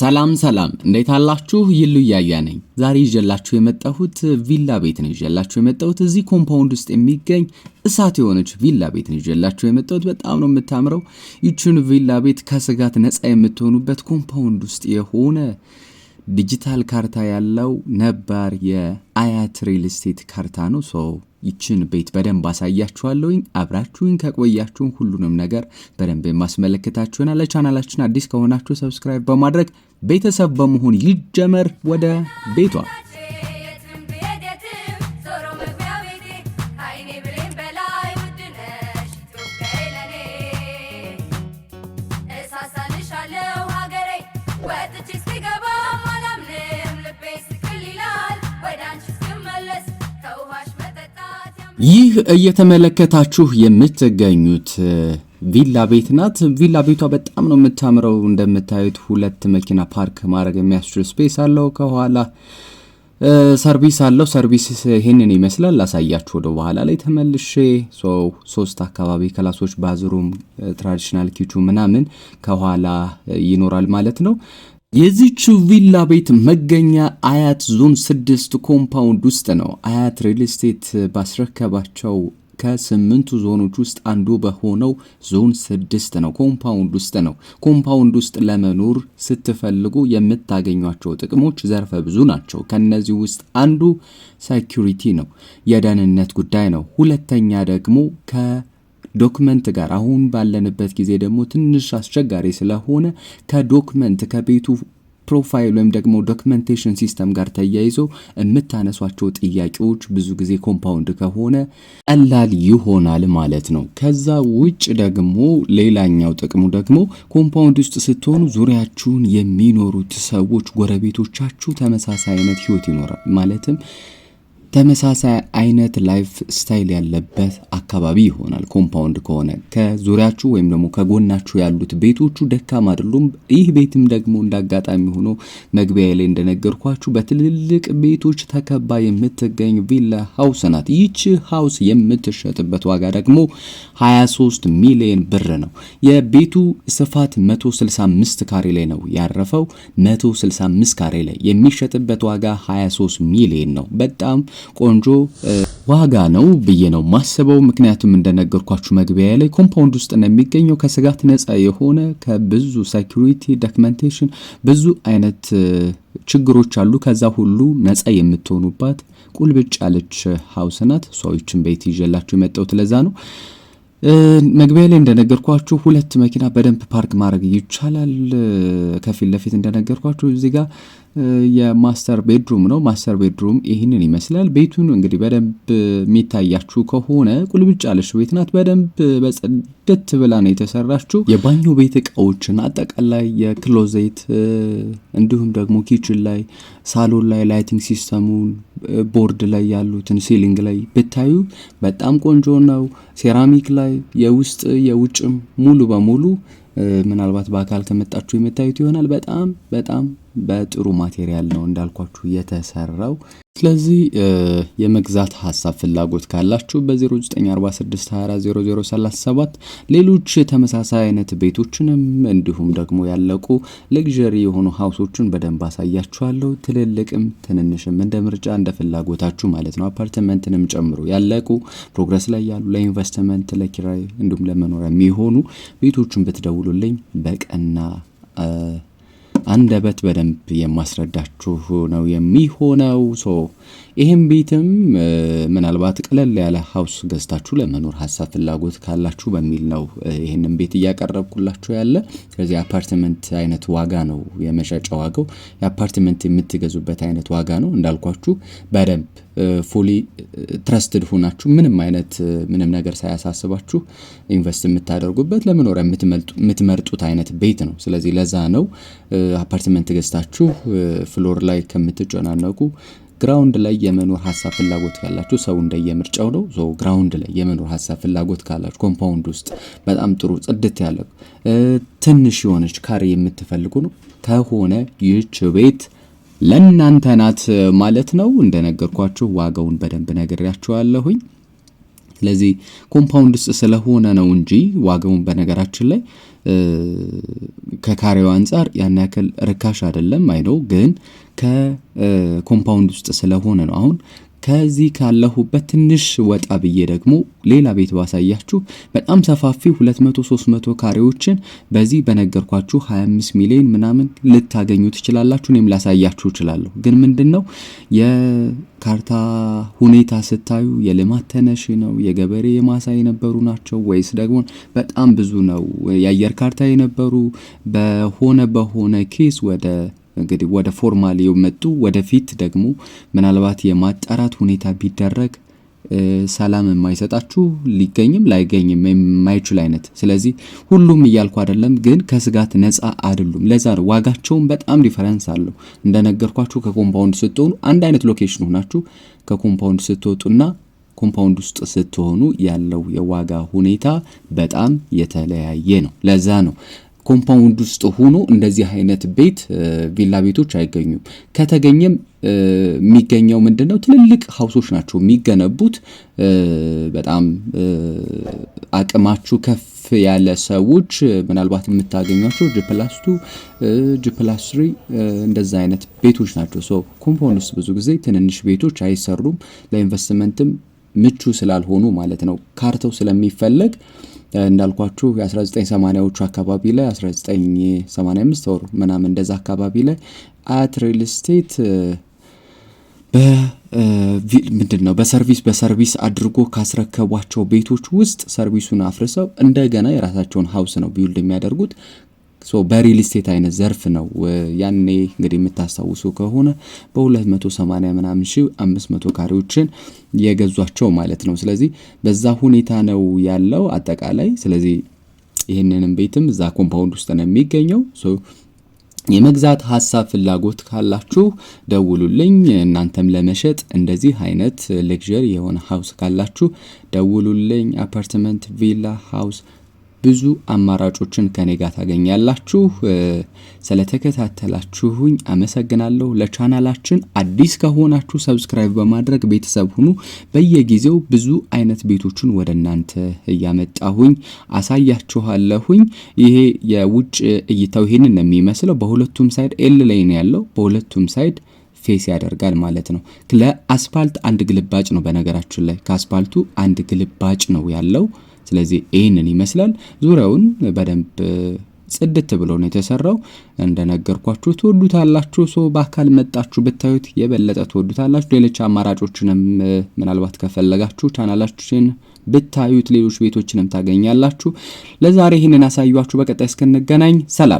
ሰላም ሰላም እንዴት አላችሁ? ይሉ እያያ ነኝ። ዛሬ ይዤላችሁ የመጣሁት ቪላ ቤት ነው። ይዤላችሁ የመጣሁት እዚህ ኮምፓውንድ ውስጥ የሚገኝ እሳት የሆነች ቪላ ቤት ነው ይዤላችሁ የመጣሁት። በጣም ነው የምታምረው። ይችን ቪላ ቤት ከስጋት ነፃ የምትሆኑበት ኮምፓውንድ ውስጥ የሆነ ዲጂታል ካርታ ያለው ነባር የአያት ሪል ስቴት ካርታ ነው ሰው ይችን ቤት በደንብ አሳያችኋለሁኝ። አብራችሁኝ ከቆያችሁን ሁሉንም ነገር በደንብ የማስመለከታችሁና ለቻናላችን አዲስ ከሆናችሁ ሰብስክራይብ በማድረግ ቤተሰብ በመሆን ይጀመር። ወደ ቤቷ ይህ እየተመለከታችሁ የምትገኙት ቪላ ቤት ናት። ቪላ ቤቷ በጣም ነው የምታምረው። እንደምታዩት ሁለት መኪና ፓርክ ማድረግ የሚያስችል ስፔስ አለው። ከኋላ ሰርቪስ አለው። ሰርቪስ ይህንን ይመስላል። ላሳያችሁ ወደ በኋላ ላይ ተመልሼ። ሶስት አካባቢ ክላሶች፣ ባዝሩም፣ ትራዲሽናል ኪቹ ምናምን ከኋላ ይኖራል ማለት ነው። የዚቹ ቪላ ቤት መገኛ አያት ዞን ስድስት ኮምፓውንድ ውስጥ ነው። አያት ሪል ስቴት ባስረከባቸው ከስምንቱ ዞኖች ውስጥ አንዱ በሆነው ዞን ስድስት ነው፣ ኮምፓውንድ ውስጥ ነው። ኮምፓውንድ ውስጥ ለመኖር ስትፈልጉ የምታገኟቸው ጥቅሞች ዘርፈ ብዙ ናቸው። ከነዚህ ውስጥ አንዱ ሴኩሪቲ ነው፣ የደህንነት ጉዳይ ነው። ሁለተኛ ደግሞ ከ ዶክመንት ጋር አሁን ባለንበት ጊዜ ደግሞ ትንሽ አስቸጋሪ ስለሆነ ከዶክመንት ከቤቱ ፕሮፋይል ወይም ደግሞ ዶክመንቴሽን ሲስተም ጋር ተያይዞ የምታነሷቸው ጥያቄዎች ብዙ ጊዜ ኮምፓውንድ ከሆነ ቀላል ይሆናል ማለት ነው። ከዛ ውጭ ደግሞ ሌላኛው ጥቅሙ ደግሞ ኮምፓውንድ ውስጥ ስትሆኑ ዙሪያችሁን የሚኖሩት ሰዎች፣ ጎረቤቶቻችሁ ተመሳሳይ አይነት ህይወት ይኖራል ማለትም ተመሳሳይ አይነት ላይፍ ስታይል ያለበት አካባቢ ይሆናል። ኮምፓውንድ ከሆነ ከዙሪያችሁ ወይም ደግሞ ከጎናችሁ ያሉት ቤቶቹ ደካማ አይደሉም። ይህ ቤትም ደግሞ እንዳጋጣሚ ሆኖ መግቢያ ላይ እንደነገርኳችሁ በትልልቅ ቤቶች ተከባ የምትገኝ ቪላ ሀውስ ናት። ይቺ ሀውስ የምትሸጥበት ዋጋ ደግሞ 23 ሚሊዮን ብር ነው። የቤቱ ስፋት 165 ካሬ ላይ ነው ያረፈው። 165 ካሬ ላይ የሚሸጥበት ዋጋ 23 ሚሊዮን ነው። በጣም ቆንጆ ዋጋ ነው ብዬ ነው ማስበው። ምክንያቱም እንደነገርኳችሁ መግቢያ ላይ ኮምፓውንድ ውስጥ ነው የሚገኘው ከስጋት ነጻ የሆነ ከብዙ ሴኩሪቲ ዶክመንቴሽን፣ ብዙ አይነት ችግሮች አሉ። ከዛ ሁሉ ነጻ የምትሆኑባት ቁልብጭ ያለች ሀውስ ናት። ሰዎችን ቤት ይዤላችሁ የመጣሁት ለዛ ነው። መግቢያ ላይ እንደነገርኳችሁ ሁለት መኪና በደንብ ፓርክ ማድረግ ይቻላል። ከፊት ለፊት እንደነገርኳችሁ እዚህ ጋር የማስተር ቤድሩም ነው። ማስተር ቤድሩም ይህንን ይመስላል። ቤቱን እንግዲህ በደንብ የሚታያችሁ ከሆነ ቁልብጭ ያለች ቤት ናት። በደንብ በጽድት ብላ ነው የተሰራችው። የባኞ ቤት እቃዎችን አጠቃላይ የክሎዜት እንዲሁም ደግሞ ኪችን ላይ፣ ሳሎን ላይ ላይቲንግ ሲስተሙን ቦርድ ላይ ያሉትን ሲሊንግ ላይ ብታዩ በጣም ቆንጆ ነው። ሴራሚክ ላይ የውስጥ የውጭም ሙሉ በሙሉ ምናልባት በአካል ከመጣችሁ የምታዩት ይሆናል። በጣም በጣም በጥሩ ማቴሪያል ነው እንዳልኳችሁ የተሰራው። ስለዚህ የመግዛት ሀሳብ ፍላጎት ካላችሁ በ0946240037 ሌሎች ተመሳሳይ አይነት ቤቶችንም እንዲሁም ደግሞ ያለቁ ለግዠሪ የሆኑ ሀውሶችን በደንብ አሳያችኋለሁ። ትልልቅም ትንንሽም እንደ ምርጫ እንደ ፍላጎታችሁ ማለት ነው። አፓርትመንትንም ጨምሮ ያለቁ ፕሮግረስ ላይ ያሉ ለኢንቨስትመንት፣ ለኪራይ እንዲሁም ለመኖሪያ የሚሆኑ ቤቶችን ብትደውሉልኝ በቀና አንደበት በደንብ የማስረዳችሁ ነው የሚሆነው። ሶ ይህም ቤትም ምናልባት ቀለል ያለ ሀውስ ገዝታችሁ ለመኖር ሀሳብ ፍላጎት ካላችሁ በሚል ነው ይህንም ቤት እያቀረብኩላችሁ ያለ። ከዚህ አፓርትመንት አይነት ዋጋ ነው የመሸጫ ዋጋው፣ የአፓርትመንት የምትገዙበት አይነት ዋጋ ነው እንዳልኳችሁ በደንብ ፉሊ ትረስትድ ሁናችሁ ምንም አይነት ምንም ነገር ሳያሳስባችሁ ኢንቨስት የምታደርጉበት ለመኖሪያ የምትመርጡት አይነት ቤት ነው። ስለዚህ ለዛ ነው አፓርትመንት ገዝታችሁ ፍሎር ላይ ከምትጨናነቁ ግራውንድ ላይ የመኖር ሀሳብ ፍላጎት ካላችሁ ሰው እንደየምርጫው ነው። ሶ ግራውንድ ላይ የመኖር ሀሳብ ፍላጎት ካላችሁ ኮምፓውንድ ውስጥ በጣም ጥሩ ጽድት ያለ ትንሽ የሆነች ካሬ የምትፈልጉ ነው ከሆነ ይህች ቤት ለእናንተ ናት ማለት ነው። እንደነገርኳችሁ ዋጋውን በደንብ ነግሬያችኋለሁኝ። ስለዚህ ኮምፓውንድ ውስጥ ስለሆነ ነው እንጂ ዋጋውን በነገራችን ላይ ከካሬው አንጻር ያን ያክል ርካሽ አይደለም አይነው ግን ከኮምፓውንድ ውስጥ ስለሆነ ነው አሁን ከዚህ ካለሁበት ትንሽ ወጣ ብዬ ደግሞ ሌላ ቤት ባሳያችሁ በጣም ሰፋፊ 200 300 ካሬዎችን በዚህ በነገርኳችሁ 25 ሚሊዮን ምናምን ልታገኙ ትችላላችሁ። እኔም ላሳያችሁ እችላለሁ። ግን ምንድን ነው የካርታ ሁኔታ ስታዩ የልማት ተነሽ ነው የገበሬ የማሳ የነበሩ ናቸው ወይስ ደግሞ በጣም ብዙ ነው የአየር ካርታ የነበሩ በሆነ በሆነ ኬስ ወደ እንግዲህ ወደ ፎርማል የመጡ ወደፊት ደግሞ ምናልባት የማጣራት ሁኔታ ቢደረግ ሰላም የማይሰጣችሁ ሊገኝም ላይገኝም የማይችል አይነት። ስለዚህ ሁሉም እያልኩ አይደለም፣ ግን ከስጋት ነፃ አይደሉም። ለዛ ነው ዋጋቸውን በጣም ዲፈረንስ አለው። እንደነገርኳችሁ ከኮምፓውንድ ስትሆኑ አንድ አይነት ሎኬሽን ሆናችሁ ከኮምፓውንድ ስትወጡና ኮምፓውንድ ውስጥ ስትሆኑ ያለው የዋጋ ሁኔታ በጣም የተለያየ ነው። ለዛ ነው ኮምፓውንድ ውስጥ ሆኖ እንደዚህ አይነት ቤት ቪላ ቤቶች አይገኙም። ከተገኘም የሚገኘው ምንድን ነው? ትልልቅ ሀውሶች ናቸው የሚገነቡት። በጣም አቅማችሁ ከፍ ያለ ሰዎች ምናልባት የምታገኟቸው ጅፕላስቱ ጅፕላስትሪ እንደዚ አይነት ቤቶች ናቸው። ሶ ኮምፓውንድ ውስጥ ብዙ ጊዜ ትንንሽ ቤቶች አይሰሩም፣ ለኢንቨስትመንትም ምቹ ስላልሆኑ ማለት ነው። ካርተው ስለሚፈለግ እንዳልኳችሁ የ 1980ዎቹ አካባቢ ላይ 1985 ወር ምናምን እንደዛ አካባቢ ላይ አያት ሪል ስቴት ምንድን ነው በሰርቪስ በሰርቪስ አድርጎ ካስረከቧቸው ቤቶች ውስጥ ሰርቪሱን አፍርሰው እንደገና የራሳቸውን ሀውስ ነው ቢውልድ የሚያደርጉት። በሪል ስቴት አይነት ዘርፍ ነው። ያኔ እንግዲህ የምታስታውሱ ከሆነ በ280 ምናምን ሺ 500 ካሬዎችን የገዟቸው ማለት ነው። ስለዚህ በዛ ሁኔታ ነው ያለው አጠቃላይ። ስለዚህ ይህንንም ቤትም እዛ ኮምፓውንድ ውስጥ ነው የሚገኘው። የመግዛት ሀሳብ ፍላጎት ካላችሁ ደውሉልኝ። እናንተም ለመሸጥ እንደዚህ አይነት ሌክዥሪ የሆነ ሀውስ ካላችሁ ደውሉልኝ። አፓርትመንት፣ ቪላ፣ ሀውስ ብዙ አማራጮችን ከኔ ጋር ታገኛላችሁ። ስለተከታተላችሁኝ አመሰግናለሁ። ለቻናላችን አዲስ ከሆናችሁ ሰብስክራይብ በማድረግ ቤተሰብ ሁኑ። በየጊዜው ብዙ አይነት ቤቶችን ወደ እናንተ እያመጣሁኝ አሳያችኋለሁኝ። ይሄ የውጭ እይታው ይሄንን ነው የሚመስለው። በሁለቱም ሳይድ ኤል ላይ ነው ያለው። በሁለቱም ሳይድ ፌስ ያደርጋል ማለት ነው። ለአስፋልት አንድ ግልባጭ ነው። በነገራችን ላይ ከአስፋልቱ አንድ ግልባጭ ነው ያለው። ስለዚህ ይህንን ይመስላል። ዙሪያውን በደንብ ጽድት ብሎ ነው የተሰራው። እንደነገርኳችሁ ትወዱታላችሁ። ሶ በአካል መጣችሁ ብታዩት የበለጠ ትወዱታላችሁ። ሌሎች አማራጮችንም ምናልባት ከፈለጋችሁ ቻናላችን ብታዩት ሌሎች ቤቶችንም ታገኛላችሁ። ለዛሬ ይህንን አሳያችሁ። በቀጣይ እስክንገናኝ ሰላም።